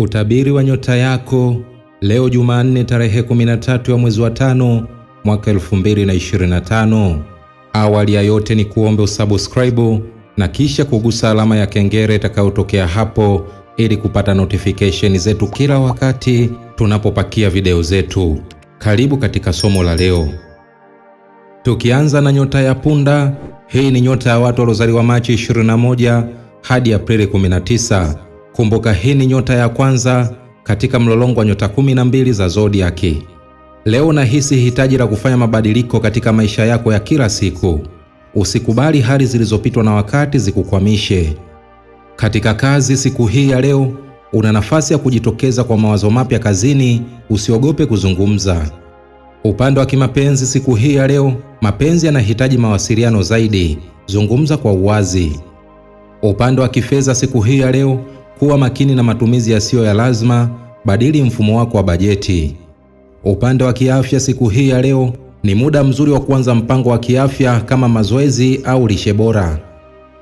Utabiri wa nyota yako leo Jumanne tarehe 13 ya mwezi wa tano mwaka 2025. Awali ya yote ni kuombe usubscribe na kisha kugusa alama ya kengele itakayotokea hapo ili kupata notification zetu kila wakati tunapopakia video zetu. Karibu katika somo la leo. Tukianza na nyota ya punda, hii ni nyota ya watu waliozaliwa Machi 21 hadi Aprili 19. Kumbuka hii ni nyota ya kwanza katika mlolongo wa nyota kumi na mbili za zodiaki. Leo unahisi hitaji la kufanya mabadiliko katika maisha yako ya kila siku. Usikubali hali zilizopitwa na wakati zikukwamishe. Katika kazi siku hii ya leo, una nafasi ya kujitokeza kwa mawazo mapya kazini, usiogope kuzungumza. Upande wa kimapenzi siku hii ya leo, mapenzi yanahitaji mawasiliano zaidi, zungumza kwa uwazi. Upande wa kifedha siku hii ya leo, kuwa makini na matumizi yasiyo ya lazima, badili mfumo wako wa bajeti. Upande wa kiafya, siku hii ya leo ni muda mzuri wa kuanza mpango wa kiafya kama mazoezi au lishe bora.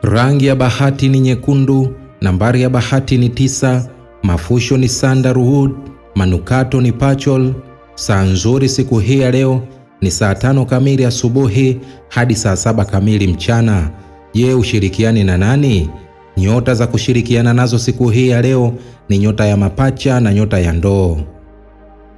Rangi ya bahati ni nyekundu, nambari ya bahati ni tisa, mafusho ni sandalwood, manukato ni pachol. Saa nzuri siku hii ya leo ni saa tano kamili asubuhi hadi saa saba kamili mchana. Je, ushirikiani na nani? Nyota za kushirikiana nazo siku hii ya leo ni nyota ya mapacha na nyota ya ndoo.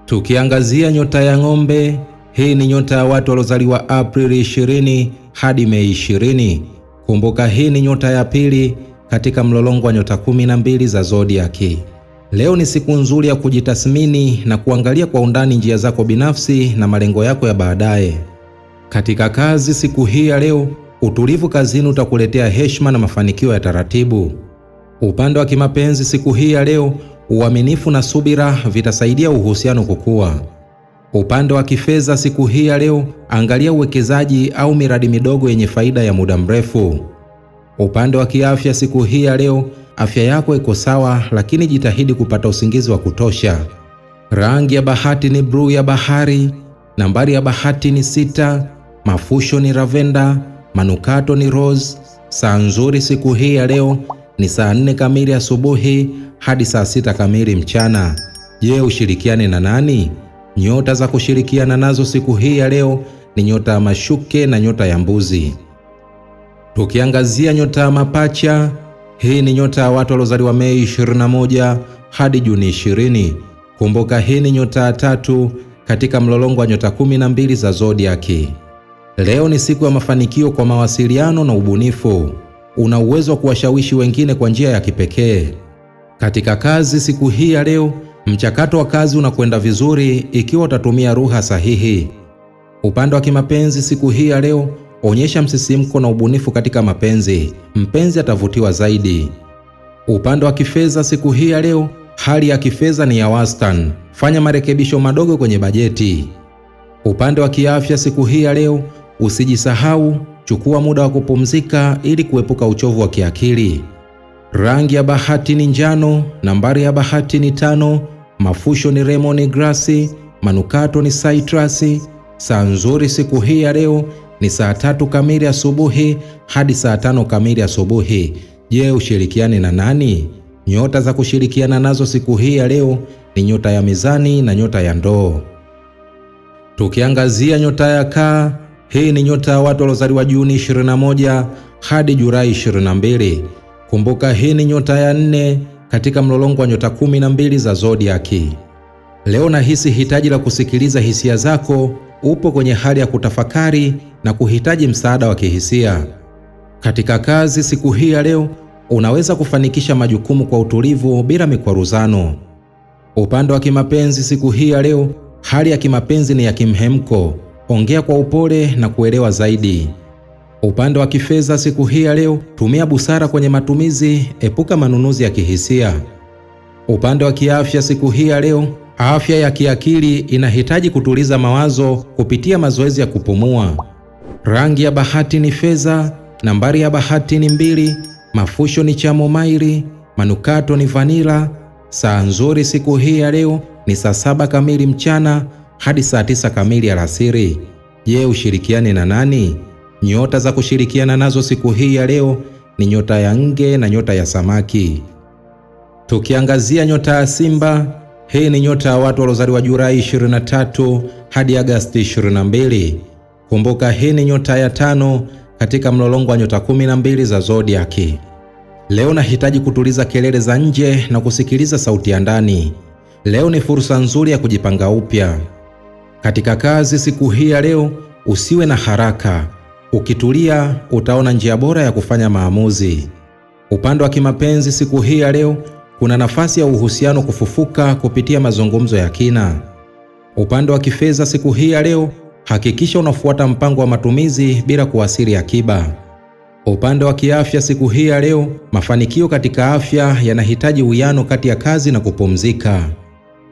Tukiangazia nyota ya ng'ombe, hii ni nyota ya watu waliozaliwa Aprili 20 hadi Mei 20. Kumbuka hii ni nyota ya pili katika mlolongo wa nyota 12 za zodiaki. Leo ni siku nzuri ya kujitathmini na kuangalia kwa undani njia zako binafsi na malengo yako ya baadaye. Katika kazi siku hii ya leo Utulivu kazini utakuletea heshima na mafanikio ya taratibu. Upande wa kimapenzi siku hii ya leo, uaminifu na subira vitasaidia uhusiano kukua. Upande wa kifedha siku hii ya leo, angalia uwekezaji au miradi midogo yenye faida ya muda mrefu. Upande wa kiafya siku hii ya leo, afya yako iko sawa, lakini jitahidi kupata usingizi wa kutosha. Rangi ya bahati ni bluu ya bahari. Nambari ya bahati ni sita. Mafusho ni ravenda. Manukato ni Rose. Saa nzuri siku hii ya leo ni saa nne kamili asubuhi hadi saa sita kamili mchana. Je, ushirikiane na nani? Nyota za kushirikiana nazo siku hii ya leo ni nyota ya mashuke na nyota ya mbuzi. Tukiangazia nyota ya mapacha, hii ni nyota ya watu waliozaliwa Mei 21 hadi Juni 20. Kumbuka, hii ni nyota ya tatu katika mlolongo wa nyota 12 za zodiaki. Leo ni siku ya mafanikio kwa mawasiliano na ubunifu. Una uwezo wa kuwashawishi wengine kwa njia ya kipekee. Katika kazi siku hii ya leo, mchakato wa kazi unakwenda vizuri ikiwa utatumia lugha sahihi. Upande wa kimapenzi siku hii ya leo, onyesha msisimko na ubunifu katika mapenzi, mpenzi atavutiwa zaidi. Upande wa kifedha siku hii ya leo, hali ya kifedha ni ya wastani, fanya marekebisho madogo kwenye bajeti. Upande wa kiafya siku hii ya leo, Usijisahau, chukua muda wa kupumzika ili kuepuka uchovu wa kiakili. Rangi ya bahati ni njano, nambari ya bahati ni tano, mafusho ni lemon grasi, manukato ni citrus. Saa nzuri siku hii ya leo ni saa tatu kamili asubuhi hadi saa tano kamili asubuhi. Je, ushirikiane na nani? Nyota za kushirikiana nazo siku hii ya leo ni nyota ya mizani na nyota ya ndoo. Tukiangazia nyota ya kaa hii ni nyota ya watu waliozaliwa Juni 21 hadi Julai 22. Kumbuka hii ni nyota ya nne katika mlolongo wa nyota 12 mbili za zodiaki. Leo nahisi hitaji la kusikiliza hisia zako, upo kwenye hali ya kutafakari na kuhitaji msaada wa kihisia. Katika kazi siku hii ya leo, unaweza kufanikisha majukumu kwa utulivu bila mikwaruzano. Upande wa kimapenzi siku hii ya leo, hali ya kimapenzi ni ya kimhemko ongea kwa upole na kuelewa zaidi. Upande wa kifedha siku hii ya leo, tumia busara kwenye matumizi, epuka manunuzi ya kihisia. Upande wa kiafya siku hii ya leo, afya ya kiakili inahitaji kutuliza mawazo kupitia mazoezi ya kupumua. Rangi ya bahati ni fedha, nambari ya bahati ni mbili, mafusho ni chamomaili, manukato ni vanila. Saa nzuri siku hii ya leo ni saa saba kamili mchana hadi saa tisa kamili alasiri. Je, ushirikiane na nani? Nyota za kushirikiana nazo siku hii ya leo ni nyota ya nge na nyota ya samaki. Tukiangazia nyota ya Simba, hii ni nyota ya watu waliozaliwa Julai 23 hadi Agasti 22. Kumbuka, hii ni nyota ya tano katika mlolongo wa nyota 12 za zodiaki. Leo nahitaji kutuliza kelele za nje na kusikiliza sauti ya ndani. Leo ni fursa nzuri ya kujipanga upya. Katika kazi siku hii ya leo, usiwe na haraka. Ukitulia utaona njia bora ya kufanya maamuzi. Upande wa kimapenzi siku hii ya leo, kuna nafasi ya uhusiano kufufuka kupitia mazungumzo ya kina. Upande wa kifedha siku hii ya leo, hakikisha unafuata mpango wa matumizi bila kuasiri akiba. Upande wa kiafya siku hii ya leo, mafanikio katika afya yanahitaji uwiano kati ya kazi na kupumzika.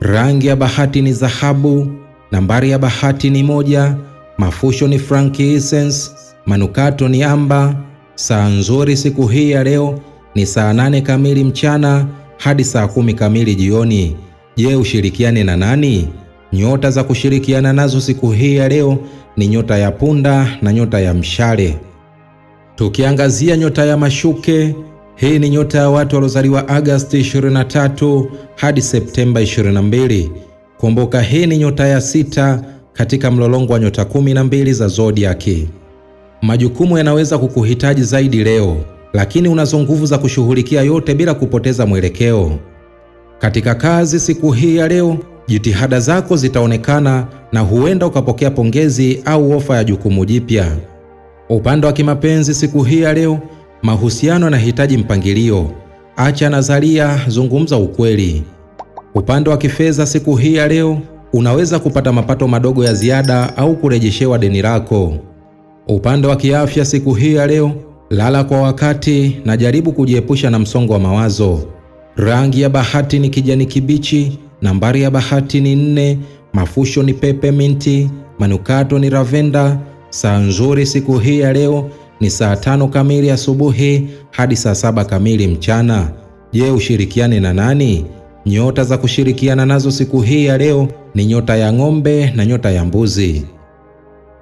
Rangi ya bahati ni dhahabu. Nambari ya bahati ni moja, mafusho ni Frankie Essence, manukato ni amba. Saa nzuri siku hii ya leo ni saa nane kamili mchana hadi saa kumi kamili jioni. Je, ushirikiane na nani? Nyota za kushirikiana nazo siku hii ya leo ni nyota ya punda na nyota ya mshale. Tukiangazia nyota ya mashuke, hii ni nyota ya watu waliozaliwa Agasti 23 hadi Septemba 22. Kumbuka hii ni nyota ya sita katika mlolongo wa nyota kumi na mbili za zodiaki. Majukumu yanaweza kukuhitaji zaidi leo, lakini unazo nguvu za kushughulikia yote bila kupoteza mwelekeo. Katika kazi siku hii ya leo, jitihada zako zitaonekana na huenda ukapokea pongezi au ofa ya jukumu jipya. Upande wa kimapenzi siku hii ya leo, mahusiano yanahitaji mpangilio. Acha nadharia, zungumza ukweli. Upande wa kifedha siku hii ya leo unaweza kupata mapato madogo ya ziada au kurejeshewa deni lako. Upande wa kiafya siku hii ya leo, lala kwa wakati na jaribu kujiepusha na msongo wa mawazo. Rangi ya bahati ni kijani kibichi. Nambari ya bahati ni nne. Mafusho ni pepe minti Manukato ni ravenda. Saa nzuri siku hii ya leo ni saa tano kamili asubuhi hadi saa saba kamili mchana. Je, ushirikiane na nani? Nyota za kushirikiana nazo siku hii ya leo ni nyota ya ng'ombe na nyota ya mbuzi.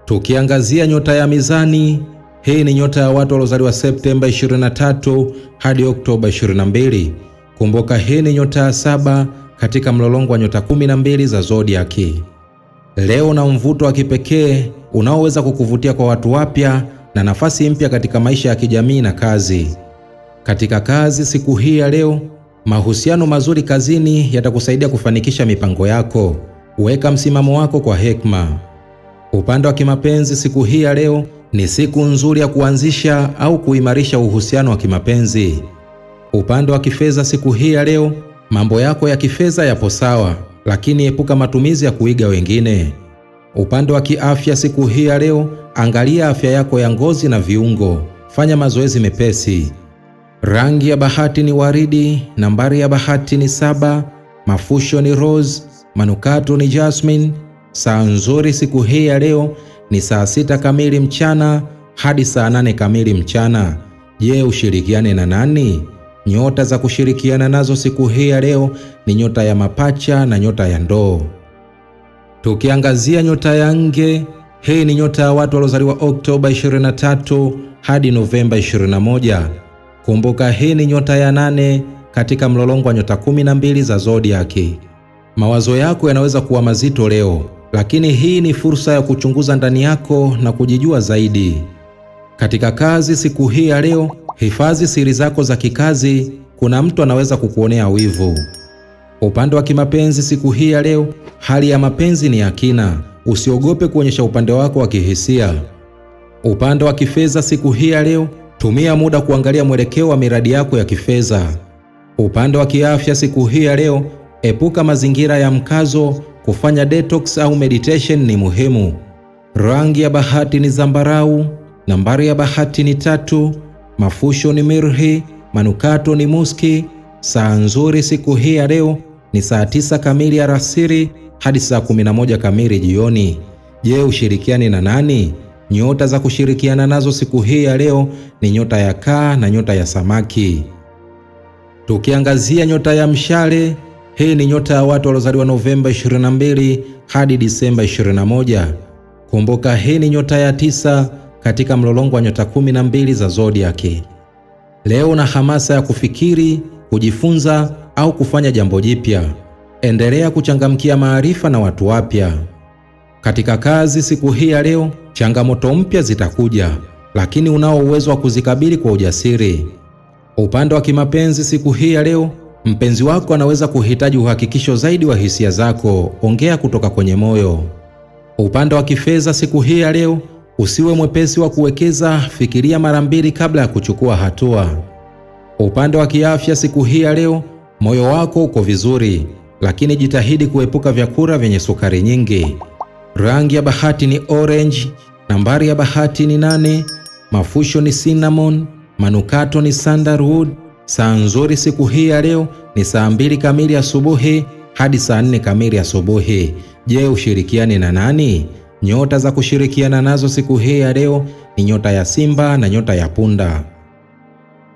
Tukiangazia nyota ya mizani, hii ni nyota ya watu waliozaliwa Septemba 23 hadi Oktoba 22. Kumbuka hii ni nyota ya saba katika mlolongo wa nyota 12 za zodiaki. Leo na mvuto wa kipekee unaoweza kukuvutia kwa watu wapya na nafasi mpya katika maisha ya kijamii na kazi. Katika kazi siku hii ya leo Mahusiano mazuri kazini yatakusaidia kufanikisha mipango yako. Weka msimamo wako kwa hekima. Upande wa kimapenzi, siku hii ya leo ni siku nzuri ya kuanzisha au kuimarisha uhusiano wa kimapenzi. Upande wa kifedha, siku hii ya leo mambo yako ya kifedha yapo sawa, lakini epuka matumizi ya kuiga wengine. Upande wa kiafya, siku hii ya leo, angalia afya yako ya ngozi na viungo. Fanya mazoezi mepesi. Rangi ya bahati ni waridi, nambari ya bahati ni saba, mafusho ni rose, manukato ni jasmine. Saa nzuri siku hii ya leo ni saa sita kamili mchana hadi saa nane kamili mchana. Je, ushirikiane na nani? Nyota za kushirikiana nazo siku hii ya leo ni nyota ya mapacha na nyota ya ndoo. Tukiangazia nyota ya nge, hii ni nyota ya watu waliozaliwa Oktoba 23 hadi Novemba 21. Kumbuka hii ni nyota ya nane katika mlolongo wa nyota kumi na mbili za zodiaki. Mawazo yako yanaweza kuwa mazito leo, lakini hii ni fursa ya kuchunguza ndani yako na kujijua zaidi. Katika kazi siku hii ya leo, hifadhi siri zako za kikazi, kuna mtu anaweza kukuonea wivu. Upande wa kimapenzi siku hii ya leo, hali ya mapenzi ni ya kina, usiogope kuonyesha upande wako wa kihisia. Upande wa kifedha siku hii ya leo Tumia muda kuangalia mwelekeo wa miradi yako ya kifedha. Upande wa kiafya siku hii ya leo, epuka mazingira ya mkazo. Kufanya detox au meditation ni muhimu. Rangi ya bahati ni zambarau. Nambari ya bahati ni tatu. Mafusho ni mirhi. Manukato ni muski. Saa nzuri siku hii ya leo ni saa tisa kamili alasiri hadi saa 11 kamili jioni. Je, ushirikiani na nani? Nyota za kushirikiana nazo siku hii ya leo ni nyota ya kaa na nyota ya samaki. Tukiangazia nyota ya mshale, hii ni nyota ya watu waliozaliwa Novemba 22 hadi Disemba 21. Kumbuka hii ni nyota ya tisa katika mlolongo wa nyota 12 za zodiaki. Leo una hamasa ya kufikiri, kujifunza au kufanya jambo jipya. Endelea kuchangamkia maarifa na watu wapya. Katika kazi siku hii ya leo Changamoto mpya zitakuja, lakini unao uwezo wa kuzikabili kwa ujasiri. Upande wa kimapenzi siku hii ya leo, mpenzi wako anaweza kuhitaji uhakikisho zaidi wa hisia zako, ongea kutoka kwenye moyo. Upande wa kifedha siku hii ya leo, usiwe mwepesi wa kuwekeza, fikiria mara mbili kabla ya kuchukua hatua. Upande wa kiafya siku hii ya leo, moyo wako uko vizuri, lakini jitahidi kuepuka vyakula vyenye sukari nyingi rangi ya bahati ni orange, nambari ya bahati ni nane, mafusho ni cinnamon, manukato ni sandalwood. Saa nzuri siku hii ya leo ni saa mbili kamili asubuhi hadi saa nne kamili asubuhi. Je, ushirikiane na nani? Nyota za kushirikiana nazo siku hii ya leo ni nyota ya simba na nyota ya punda.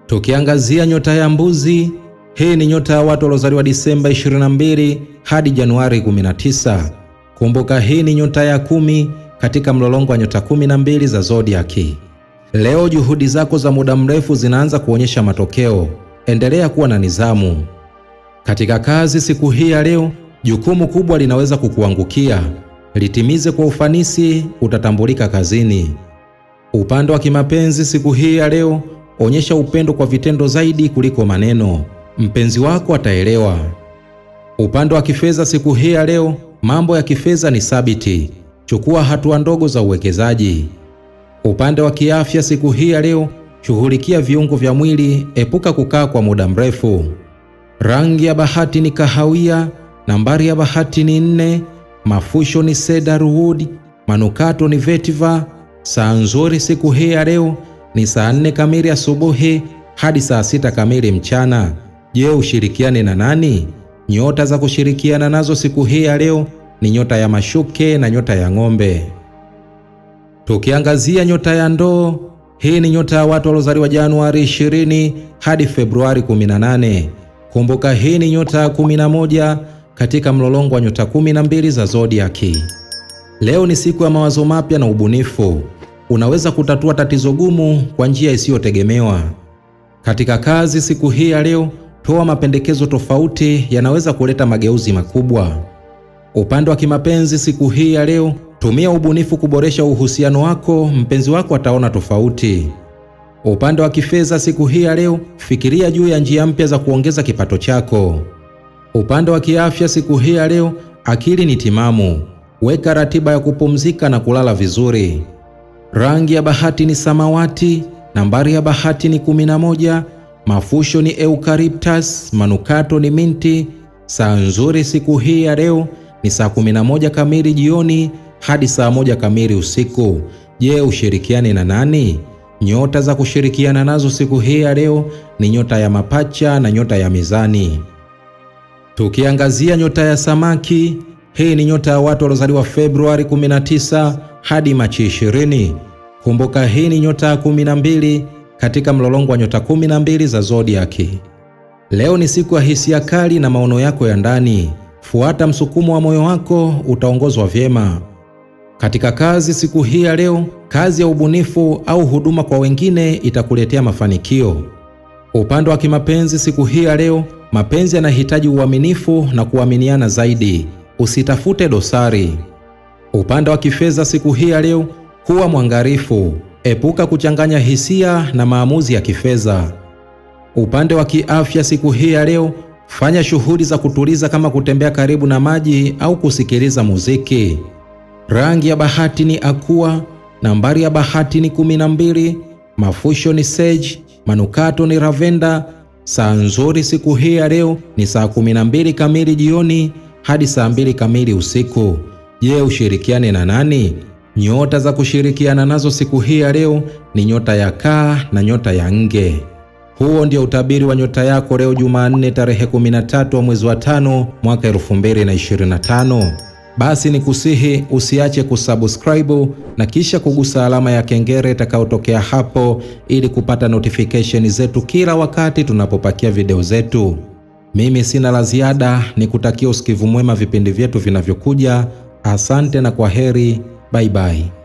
Tukiangazia nyota ya mbuzi, hii ni nyota ya watu waliozaliwa Disemba 22 hadi Januari 19. Kumbuka hii ni nyota ya kumi katika mlolongo wa nyota kumi na mbili za zodiaki. Leo juhudi zako za muda mrefu zinaanza kuonyesha matokeo. Endelea kuwa na nizamu katika kazi. Siku hii ya leo, jukumu kubwa linaweza kukuangukia, litimize kwa ufanisi, utatambulika kazini. Upande wa kimapenzi, siku hii ya leo, onyesha upendo kwa vitendo zaidi kuliko maneno, mpenzi wako ataelewa. Upande wa kifedha, siku hii ya leo Mambo ya kifedha ni thabiti, chukua hatua ndogo za uwekezaji. Upande wa kiafya siku hii ya leo, shughulikia viungo vya mwili, epuka kukaa kwa muda mrefu. Rangi ya bahati ni kahawia, nambari ya bahati ni nne, mafusho ni cedarwood, manukato ni vetiver. Saa nzuri siku hii ya leo ni saa nne kamili asubuhi hadi saa sita kamili mchana. Je, ushirikiane na nani? Nyota za kushirikiana nazo siku hii ya leo ni nyota ya mashuke na nyota ya ng'ombe. Tukiangazia nyota ya ndoo, hii ni nyota ya watu waliozaliwa Januari 20 hadi Februari 18. Kumbuka hii ni nyota ya 11 katika mlolongo wa nyota 12 za zodiaki. Leo ni siku ya mawazo mapya na ubunifu. Unaweza kutatua tatizo gumu kwa njia isiyotegemewa. Katika kazi siku hii ya leo toa mapendekezo tofauti yanaweza kuleta mageuzi makubwa. Upande wa kimapenzi siku hii ya leo, tumia ubunifu kuboresha uhusiano wako, mpenzi wako ataona tofauti. Upande wa kifedha siku hii ya leo, fikiria juu ya njia mpya za kuongeza kipato chako. Upande wa kiafya siku hii ya leo, akili ni timamu, weka ratiba ya kupumzika na kulala vizuri. Rangi ya bahati ni samawati. Nambari ya bahati ni kumi na moja. Mafusho ni eucalyptus, manukato ni minti. Saa nzuri siku hii ya leo ni saa 11 kamili jioni hadi saa moja kamili usiku. Je, ushirikiane na nani? Nyota za kushirikiana nazo siku hii ya leo ni nyota ya mapacha na nyota ya mizani. Tukiangazia nyota ya samaki, hii ni nyota ya watu waliozaliwa Februari 19 hadi Machi 20. Kumbuka, hii ni nyota ya 12 katika mlolongo wa nyota kumi na mbili za zodiaki. Leo ni siku ya hisia kali na maono yako ya ndani. Fuata msukumo wa moyo wako, utaongozwa vyema. Katika kazi siku hii ya leo, kazi ya ubunifu au huduma kwa wengine itakuletea mafanikio. Upande wa kimapenzi siku hii ya leo, mapenzi yanahitaji uaminifu na kuaminiana zaidi, usitafute dosari. Upande wa kifedha siku hii ya leo, kuwa mwangalifu, Epuka kuchanganya hisia na maamuzi ya kifedha. Upande wa kiafya siku hii ya leo, fanya shughuli za kutuliza kama kutembea karibu na maji au kusikiliza muziki. Rangi ya bahati ni akua. Nambari ya bahati ni mbili Mafusho ni sage. Manukato ni ravenda Saa nzuri siku hii ya leo ni saa 12 kamili jioni hadi saa 2 kamili usiku. Je, ushirikiane na nani? Nyota za kushirikiana nazo siku hii ya leo ni nyota ya kaa na nyota ya nge. Huo ndio utabiri wa nyota yako leo Jumanne tarehe 13 wa mwezi wa tano mwaka 2025. Basi ni kusihi usiache kusubscribe na kisha kugusa alama ya kengele itakayotokea hapo ili kupata notification zetu kila wakati tunapopakia video zetu. Mimi sina la ziada, ni kutakia usikivu mwema vipindi vyetu vinavyokuja. Asante na kwa heri. Bye-bye.